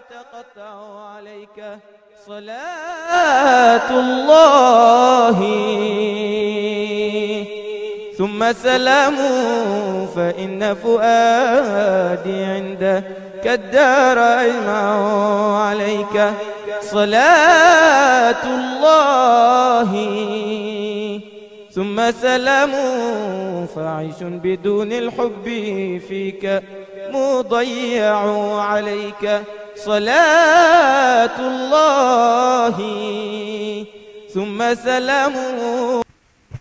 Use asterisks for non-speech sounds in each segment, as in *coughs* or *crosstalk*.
تقطع عليك صلاة الله ثم سلام فإن فؤادي عندك الدار أجمع عليك صلاة الله ثم سلام فعيش بدون الحب فيك مضيع عليك صلاة الله ثم سلام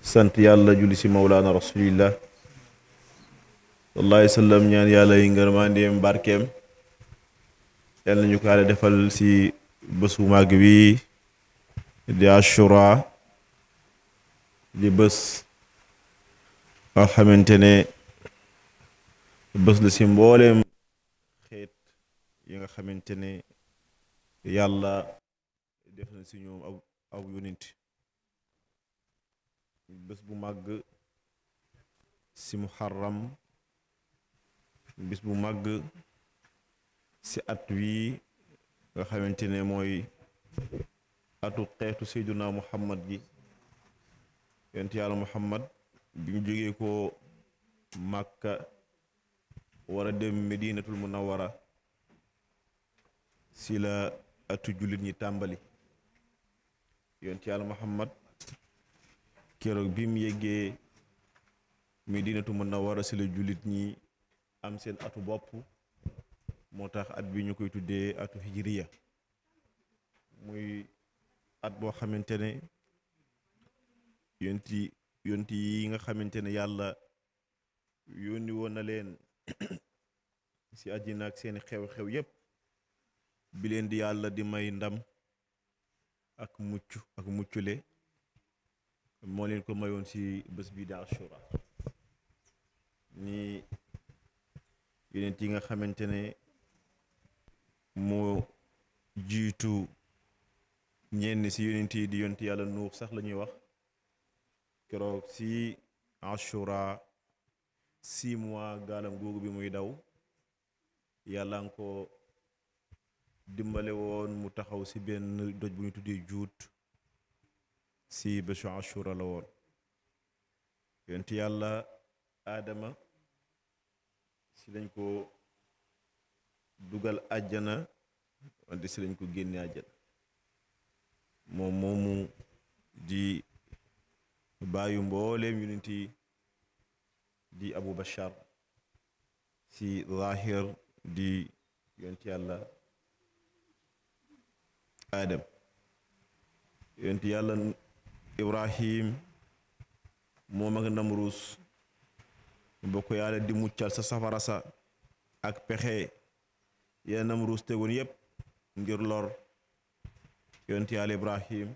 سنت يا الله جلسي مولانا رسول الله الله عليه وسلم يعني يا الله ينقر ماندي مباركم يعني نجوك على دفل سي بسو ماقبي دي عشرة li bés nga xamante ne bés la ci mbooleem xeet yi nga xamante ne yàlla def na si ñoom aw aw bés bu màgg si muharram bés bu màgg ci at wii nga xamante ne mooy atu xeetu seyduna muhammad gi yonent yàlla muhammad bi mu jógee ko màkka war a dem medinatul munawara si la atu jullit ñi tàmbali yonent yàlla muhammad keroog bi mu yeggee medinatul munawara si la jullit ñi am seen atu bopp moo tax at bi ñu koy tuddee atu hijriya muy at boo xamante ne yonti yonti yi nga xamante ne yàlla yónni woon na leen *coughs* ci àddina ak seeni xew-xew yépp bi leen di yàlla di may ndam ak mucc ak muccule moo leen ko mayoon si bés bi daa Ashura ni yeneen yi nga xamante ne moo jiitu ñenn si yonent yi di yonent yàlla nuux sax lañuy wax keroog si ashura six mois gaalam googu bi muy daw yàlla nga ko dimbale woon mu taxaw ci benn doj bu ñu tuddee juut si bésu ashura la woon yonent yàlla aadama si lañ ko dugal àjjana wante si lañ ko génne àjjana moom moomu di bàyyu mbooleem yonent di abu bashar si zahir di yonent yàlla aadam yonent yàlla ibrahim moom ak namruus ba ko yàlla di muccal sa safara sa ak pexe ya namruus tegoon yépp ngir lor yonent yàlla ibrahim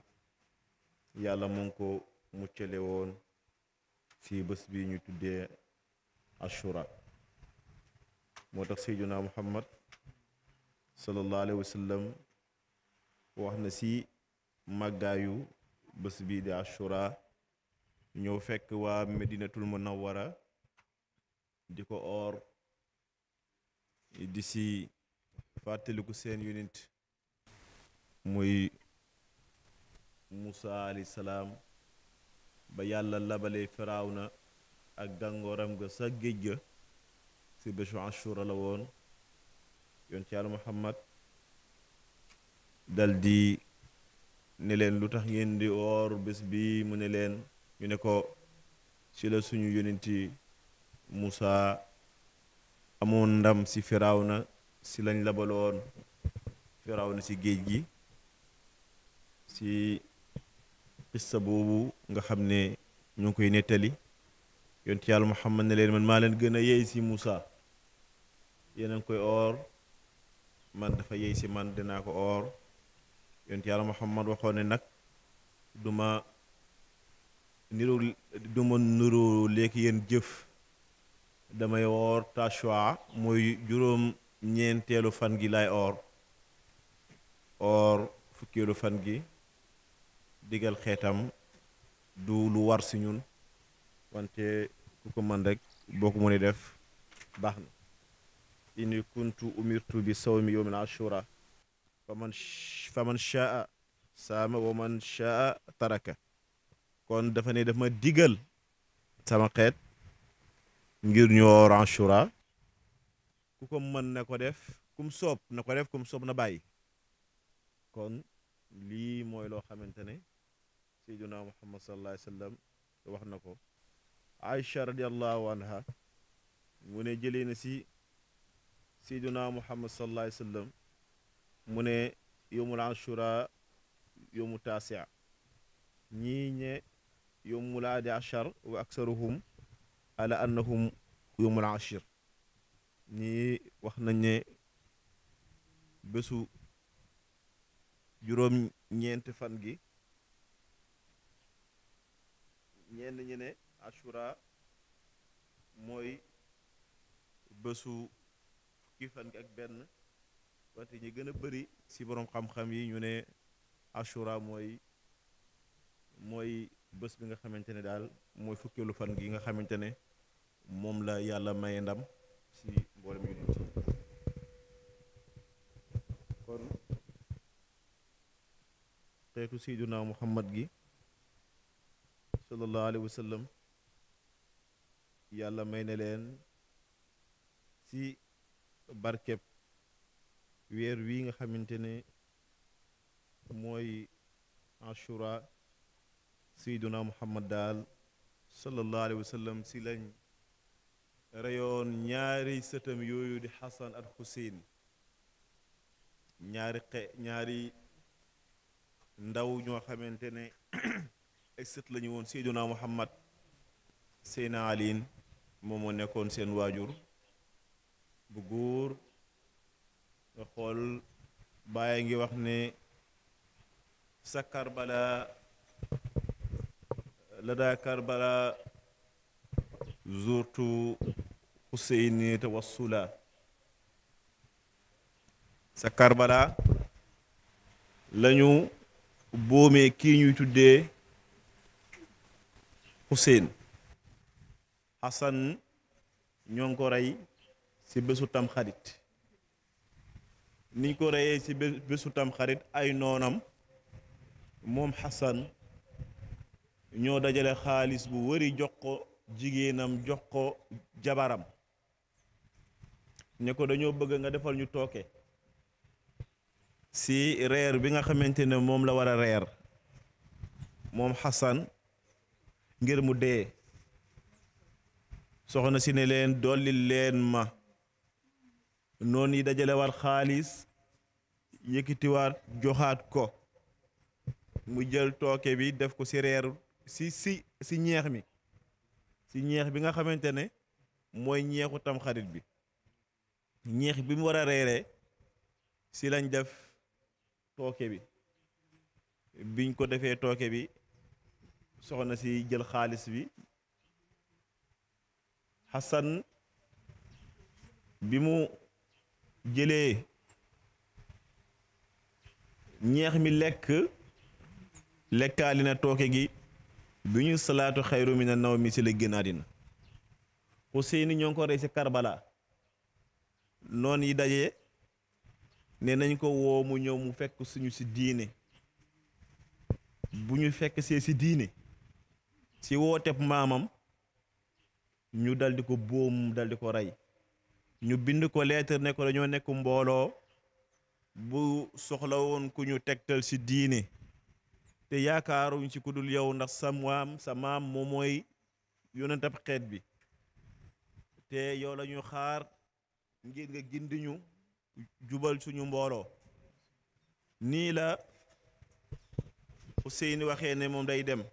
yàlla moom ko muccale woon ci bés bi ñu tuddee ashura moo tax seyduna muhammad sallallahu alayhi wa wax na ci màggaayu bés bi di ashura ñëw fekk waa medinatul munawwara di ko oor di ci fàttaliku seen yonent muy Muusa alayhi salaam ba yàlla labale na ak gàngooram ga sa géej ga ci bésu ashura la woon yoon ci yàlla dal di ne leen lu tax ngeen di woor bés bi mu ne leen ñu ne ko ci la suñu yonenti Musaa amoon ndam ci na ci lañ labaloon na ci géej gi ci xissa boobu nga xam ne ñu ngi koy nettali yonent yàlla Muhammad ne leen man maa leen gën a yey si Moussa yéen a ngi koy oor man dafa yey si man dinaa ko oor yonent yàlla Muhammad waxoon ne nag niru du léegi yéen jëf damay woor tashwa mooy juróom ñeenteelu fan gi lay oor oor fukkeelu fan gi digal xeetam du lu war si ñun wante ku ko mën rek boo ko tu def baax na ini kuntu umirtu bi sawmi yawmin ashura faman faman shaa saama wa man shaa taraka kon dafa ne daf ma digal sama ket, ngir ñu woor ashura ku ko na ko def kum sop na ko def kum sop na bàyyi kon li mooy loo xamante سيدنا محمد صلى الله عليه وسلم وحنكو عائشة رضي الله عنها من جلين سي سيدنا محمد صلى الله عليه وسلم من يوم العشرة يوم التاسع نين يوم الأحد عشر وأكثرهم على أنهم يوم العشر ني وخنا ني بسو جروم نينت فانغي ñenn ñi ne ashura mooy bésu fukki fan ak benn wante ñi gën a bëri si borom xam-xam yi ñu ne ashura mooy mooy bés bi nga xamante ne daal mooy fukkeelu fan gi nga xamante ne moom la yàlla maye ndam si mboolem yu dul kon xeetu Seydunaa Muhammad gi sallallahu alayhi wa sallam yàlla may na leen ci barkeb weer wi nga xamante ne mooy ashura seyduna muhammad daal sallallahu alayhi wa sallam si lañ reyoon ñaari sëtam yooyu di xasan ak xuseyn ñaari xe ndaw ñoo xamante ne ay lañu woon Seydina Muhammad Seyna Aliin moom moo nekkoon seen waajur bu góor nga xool bàyyi ngi wax ne sa karbala la daa karbala zurtu xuseyni tawassula sa karbala lañu boomee kii ñuy tuddee Hussein Hassan ñoo ko rey ci bésu tam xarit niñ ko reyee ci bésu tam xarit ay noonam moom Hassan ñoo dajale xaalis bu wari jox ko jigéenam jox ko jabaram ne ko dañoo bëgg nga defal ñu tooke si reer bi nga xamante ne moom la war a reer moom Hassan ngir mu dee soxna si ne leen dolli leen ma noonu yi dajalewaat xaalis yëkkatiwaat joxaat ko mu jël tooke bi def ko si reer si si si ñeex mi si ñeex bi nga xamante ne mooy ñeexu tam xarit bi ñeex bi mu war a reere si lañ def tooke bi biñ ko defee tooke bi soxna si jël xaalis bi Xasan bi mu jëlee ñeex mi lekk lekkaali na tooke gi bi ñu salaatu xayru mi na naw mi ci la génn àddina Useyni ñoo ko rey si Karbala noon yi daje ne nañ ko woo mu ñëw mu fekk suñu si diine bu ñu fekk see si diine si wooteb maamam ñu daldi ko bóom daldi ko rey ñu bind ko leetar ne ko lañoo nekk mbooloo bu soxla woon ku ñu tegtal ci diine te yaakaaruñ ci ku dul yow ndax sa maam sa maam moom mooy yonentab xeet bi te yow la xaar ngir nga gindiñu jubal suñu mbooloo nii la Ousseynou waxee ne moom day dem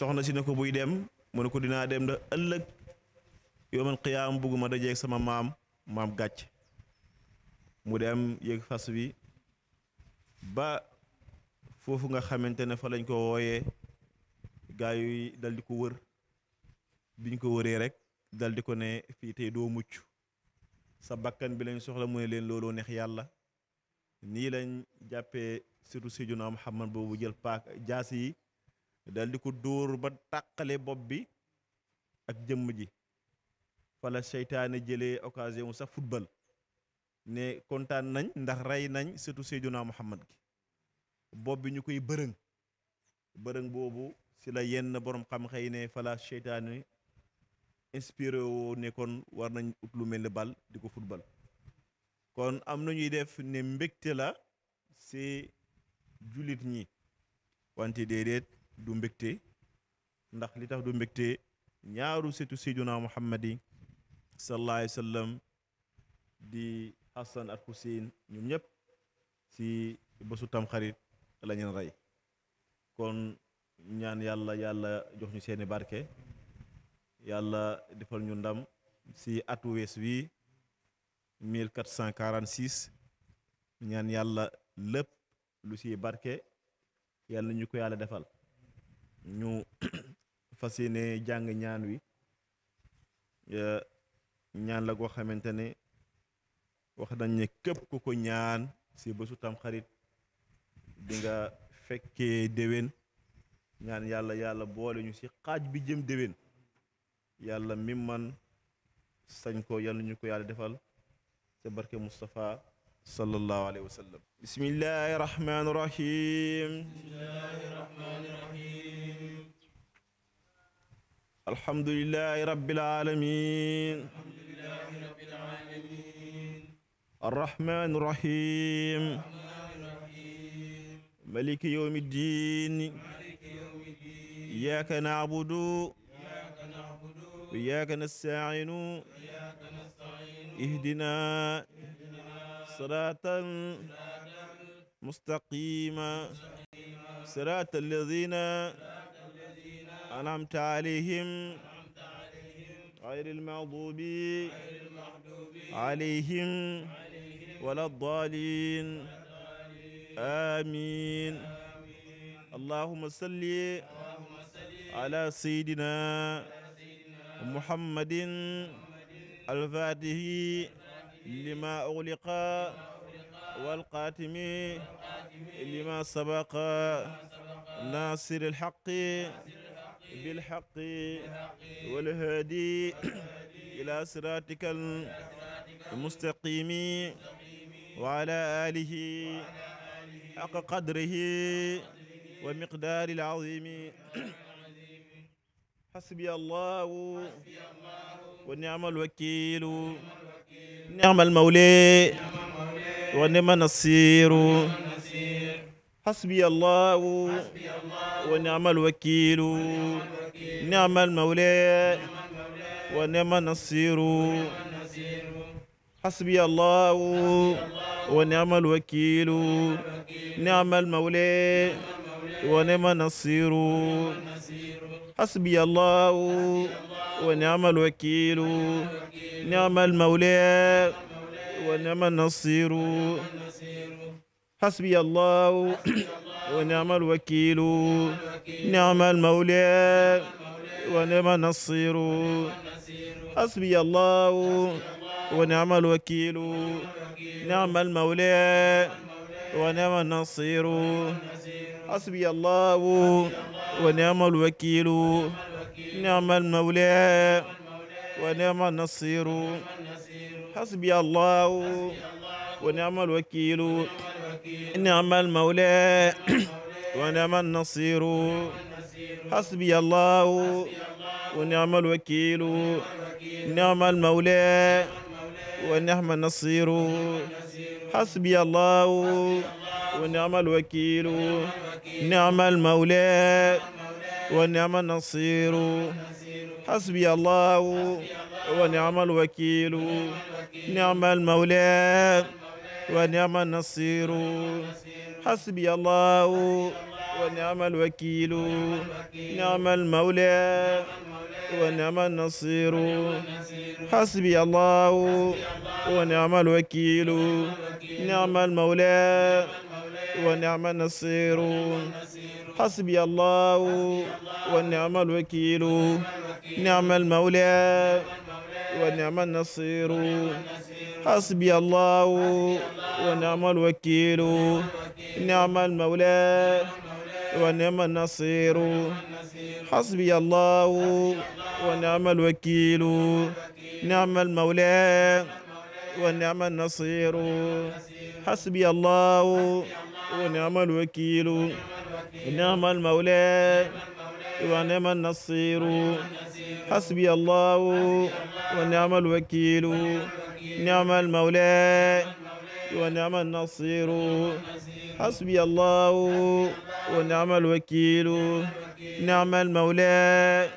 soxna si ne ko buy dem mu ne ko dinaa dem da ëllëg yoomal qiyaam bugguma dajeeg sama maam maam gàcc mu dem yéeg fas wi ba foofu nga xamante ne fa lañ ko wooyee gaa yi dal di ko wër biñ ko wëree rek dal di ko ne fii tey doo mucc sa bakkan bi lañ soxla mu ne leen looloo neex yàlla nii lañ jàppee surtout Seydina Muhammad boobu jël paak jaas yi daal di ko dóor ba tàqale bopp bi ak jëmm ji fala seytaane jële occasion mu sax football ne kontaan nañ ndax rey nañ surtout Seydina Muhammad gi bopp bi ñu koy bërëng bërëng boobu si la yenn boroom xam-xam yi ne fala seytaane inspiré ne kon war nañ ut lu mel ni bal di ko football kon am na ñuy def ne mbégte la si jullit ñi wante déedéet du mbekté ndax li tax du mbekté ñaaru setu sayyiduna muhammadi sallallahu alayhi wasallam di Hasan ak Hussein ñoom ñëpp si bosutam karit la ñeen ray kon ñaan yalla yalla jox ñu seeni barke yalla defal ñu ndam si atu wess wi 1446 ñaan yalla lepp lu ci barke yalla ñu ko yalla defal ñu *clears throat* fas yéene jàng ñaan wi ñaan la goo xamante ne wax nañ ne képp ku ko ñaan si bésu tamxarit di nga fekkee déwén ñaan yàlla yàlla boole ñu si xaaj bi jëm déwén yàlla mi man sañ ko yàlla ñu ko yàlla defal ca barke Moustapha sallallahu alayhi wa sallam bismillahi الحمد لله رب العالمين الرحمن الرحيم ملك يوم الدين إياك نعبد وإياك نستعين اهدنا صراطا مستقيما صراط الذين أنعمت عليهم غير المغضوب عليهم ولا الضالين آمين اللهم صل على سيدنا محمد الفاتح لما أغلق والقاتم لما سبق ناصر الحق بالحق والهدي إلى صراطك المستقيم وعلى آله حق قدره ومقدار العظيم حسبي الله ونعم الوكيل نعم المولى ونعم النصير حسبي الله, ونعم الوكيل نعم المولى ونعم النصير حسبي الله ونعم الوكيل نعم المولى ونعم النصير حسبي الله ونعم الوكيل نعم المولى ونعم النصير حسبي الله ونعم الوكيل نعم المولى ونعم النصير حسبي الله ونعم الوكيل نعم المولى ونعم النصير حسبي الله ونعم الوكيل نعم المولى ونعم النصير حسبي الله ونعم الوكيل نعم المولى ونعم النصير حسبي الله ونعم الوكيل نعم المولى ونعم النصير حسبي الله ونعم الوكيل نعم المولى ونعم النصير حسبي الله ونعم الوكيل نعم المولى ونعم النصير حسبي الله ونعم الوكيل نعم المولى ونعم النصير حسبي الله ونعم الوكيل نعم المولى ونعم النصير حسبي الله ونعم الوكيل نعم المولى ونعم النصير حسبي الله ونعم الوكيل نعم المولى ونعم النصير حسبي الله ونعم الوكيل نعم المولى ونعم النصير حسبي الله ونعم الوكيل نعم المولى ونعم النصير حسبي الله ونعم الوكيل نعم المولى ونعم النصير حسبي الله ونعم الوكيل نعم المولى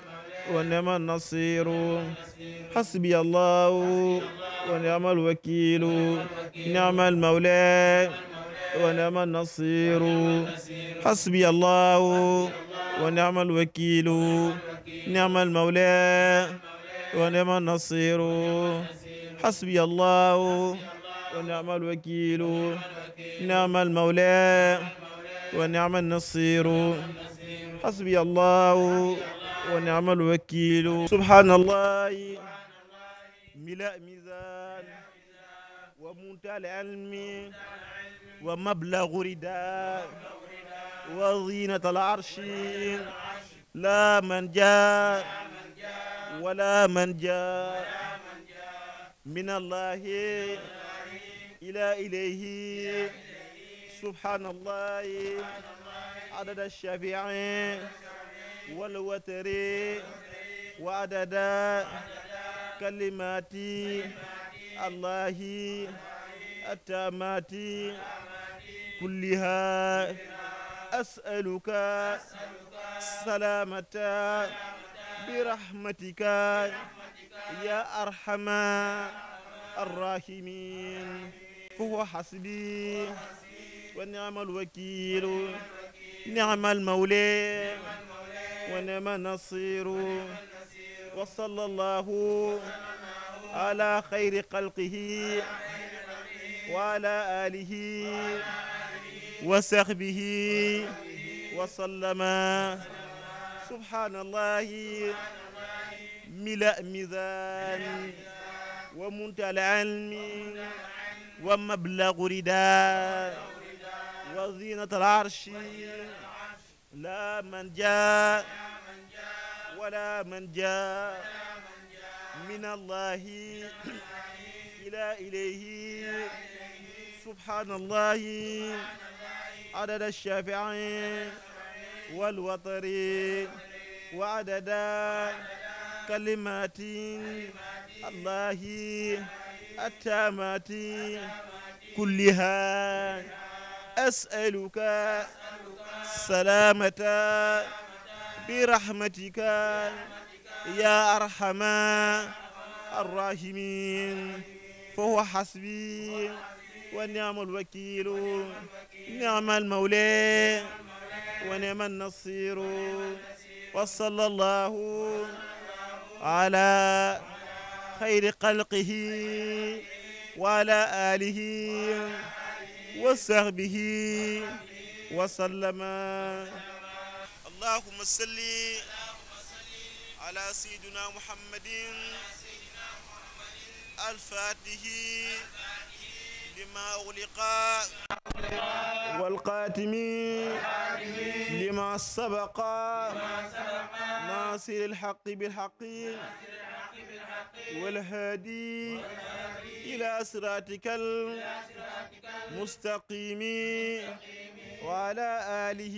ونعم النصير حسبي الله ونعم الوكيل نعم المولى ونعم النصير حسبي الله ونعم الوكيل نعم المولى ونعم النصير حسبي الله ونعم الوكيل نعم المولى ونعم النصير حسبي الله ونعم الوكيل سبحان الله ملاء ميزان ومنتهى العلم ومبلغ رداء وزينة العرش لا من جاء ولا من جاء من الله إلى إليه سبحان الله عدد الشافعين والوتر وعدد كلماتي الله التامات كلها أسألك السلامة برحمتك يا أرحم الراحمين فهو حسبي ونعم الوكيل نعم المولى ونعم النصير وصلى الله على خير خلقه وعلى آله وصحبه وسلم سبحان الله ملا ميزان ومنتهى العلم ومبلغ رداء وزينة العرش لا من جاء ولا من جاء من الله إلى إليه سبحان الله عدد الشافعين والوطر وعدد كلمات الله التامات كلها أسألك سلامة برحمتك يا أرحم الراحمين فهو حسبي ونعم الوكيل نعم المولى ونعم النصير وصلى الله على خير خلقه وعلى آله وصحبه وسلم اللهم صلِّ على سيدنا محمد الفاتح لما أغلق والقاتم لما سبق ناصر الحق بالحق والهادي إلى صراطك المستقيم وعلى آله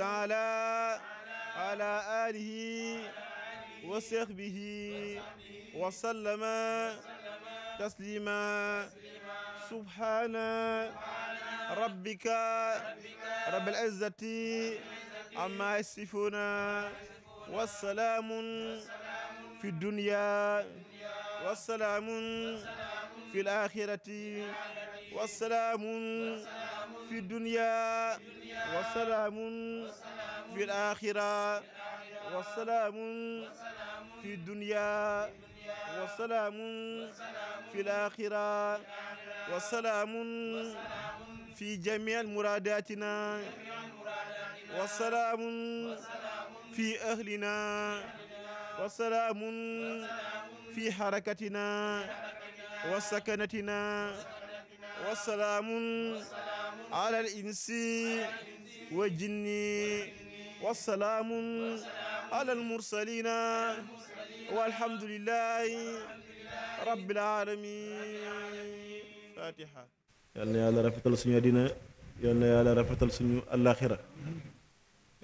تعالى على آله وصحبه وسلم تسليما سبحان ربك رب العزة عما يصفون والسلام في الدنيا والسلام في الآخرة وسلام في الدنيا وسلام في الآخرة وسلام في الدنيا وسلام في الآخرة وسلام في جميع مراداتنا وسلام في أهلنا وسلام في حركتنا وسكنتنا وسلام على الإنس والجن وسلام على المرسلين والحمد لله رب العالمين فاتحة yal na yàlla rafetal suñu àddina yal na yàlla rafetal suñu àllaaxira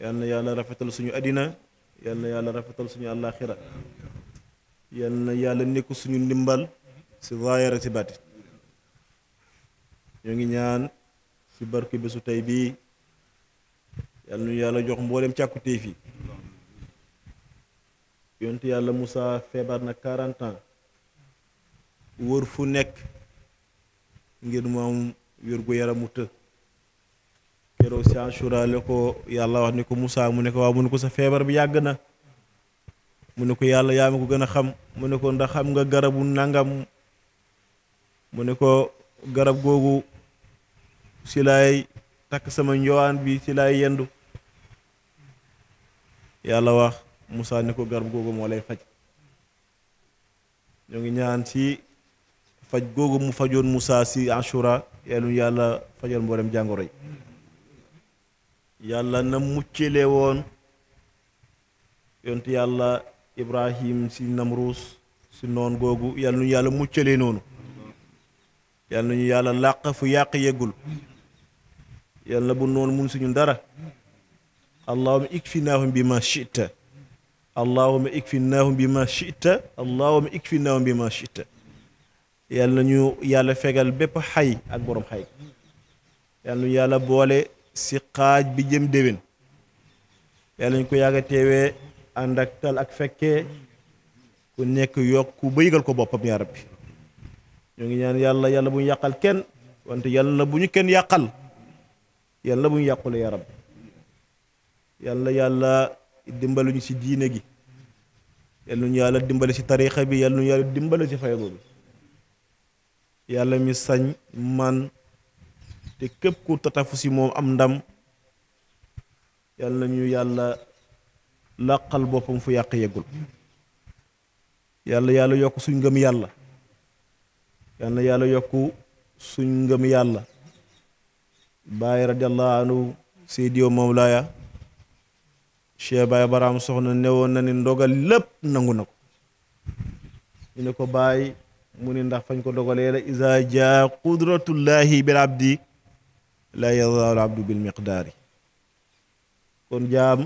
yal na yàlla rafetal suñu àddina yal na yàlla rafetal suñu àllaaxira yal na yàlla nekk suñu ndimbal si zaahir si baati ñu ngi ñaan ci barki bésu tay bi yalla ñu yalla jox ci càkkutéef fi yontu yalla musa febar na 40 ans wër fu nek ngir mu am wér gu yaram mu te kéro si Ashura le ko yalla wax ni ko musa mu ne ko wa mu ne ko sa febar bi yag na mu ne ko yalla ya ma ko gëna xam mu ne ko ndax xam nga garabu nangam mu ne ko garab gogou si laay takk sama njowaan bi si laay yendu yàlla wax musa ni ko garab googu moo lay faj ñoo ngi ñaan ci faj googu mu fajoon musa ci Ashura yàlla yàlla fajal jàngoro yàlla na muccale woon yontu yàlla Ibrahim si Namruus si noon googu yàlla nu yàlla muccalee noonu yàlla nu yàlla làq fu yàq yeggul yàlla bu noonu mun suñu dara allahuma ikfinahum bi ma chita allahuma ikfinahum bi ma chita allahuma ikfinahum bi ma chita yàlla ñu yàlla fegal bépp xay ak borom xay yàlla ñu yàlla boole si xaaj bi jëm déwén yàlla ñu ko yàgga teewee ànd ak tal ak fekkee ku nekk yokk ba yëgal ko boppam yaa rabbi ñoo ngi ñaan yàlla yàlla bu ñu yàqal kenn wante yàlla bu ñu kenn yàqal yàlla bu ñu yàqule ya yàlla yàlla dimbaluñu ci diine gi yàlla ñu yàlla dimbale ci tariixa bi yàlla ñu yàlla dimbale ci faydu bi yàlla mi sañ man te képp ku tatafu si moom am ndam yàlla ñu yàlla làqal boppam fu yàq yeggul yàlla yàlla yokk suñ ngëm yàlla yàlla yàlla yokk suñ ngëm yàlla baay radiallahu anhu seydi wa mawlaaya cheikh baay baraam soxna newoon na ni ndogal lépp nangu na ko ñu ne ko baay mu ni ndax fañ ko dogalee la isa jaa qudratullahi bil abdi la yazaalu abdu bil miqdaari kon jaam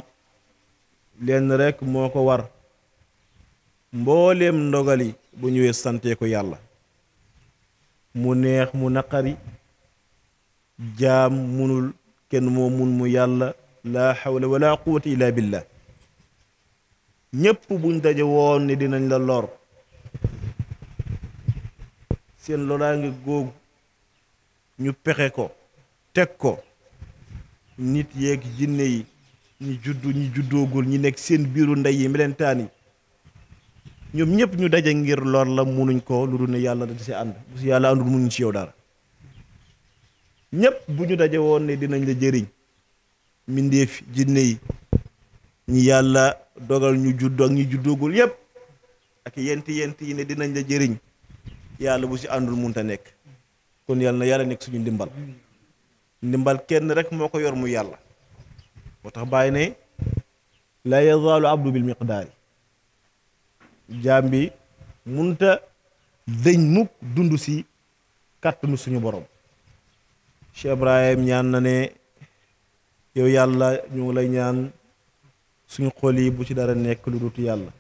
lenn rekk moo ko war mbooleem ndogali bu ñëwee sante ko yàlla mu neex mu naqari jaam munul kenn moo mun mu yàlla laa xawla wala quwata illa billah ñépp buñ daje woon ne dinañ la lor seen loraange googu ñu pexe ko teg ko nit yeeg jinne yi ñi juddu ñi juddoogul ñi nekk seen biiru ndey yi melentaan yi ñoom ñëpp ñu daje ngir lor la munuñ ko lu dul ne yàlla da si ànd bu si yàlla àndul munuñ ci yow dara ñépp buñu dajé won né dinañ la jëriñ mindeef jinné yi ñi yalla dogal ñu judd ak ñi juddogul yépp ak yenti yent yi né dinañ la jëriñ yalla bu ci mu munta nek kon yalla na yàlla nekk suñu ndimbal ndimbal kenn rek moko yor mu yalla motax abdu bil miqdar jambi munta deñ muk dundusi si suñu borom Cheikh Ibrahim ñaan na ne yow yàlla ñu ngi lay ñaan suñu xol yi bu ci dara nekk lu dut yàlla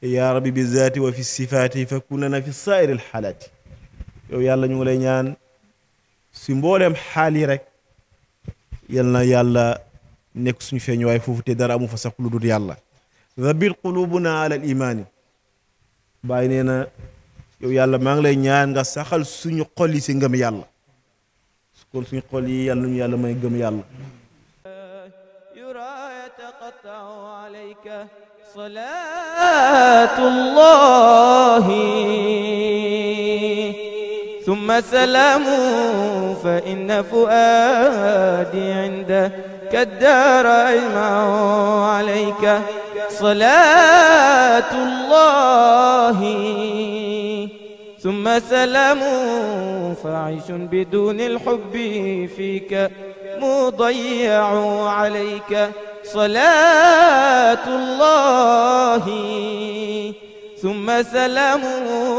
ya rabbi bi zati wa fi sifati fa kunna fi sa'ir al halat yow yàlla ñu lay ñaan si mbolem xali rek yal yàlla nek suñu feñ way fofu te dara amu fa sax lu dut yàlla rabbil qulubuna ala al iman bàyyi yow yàlla ma ngi lay ñaan nga saxal suñu xol yi si yàlla kon suñu xol yi ما يقم yàlla يرى يتقطع عليك صلاة الله ثم سلام فإن فؤادي عندك الدار أجمع عليك صلاة الله ثم سلام فعيش بدون الحب فيك مضيع عليك صلاة الله ثم سلام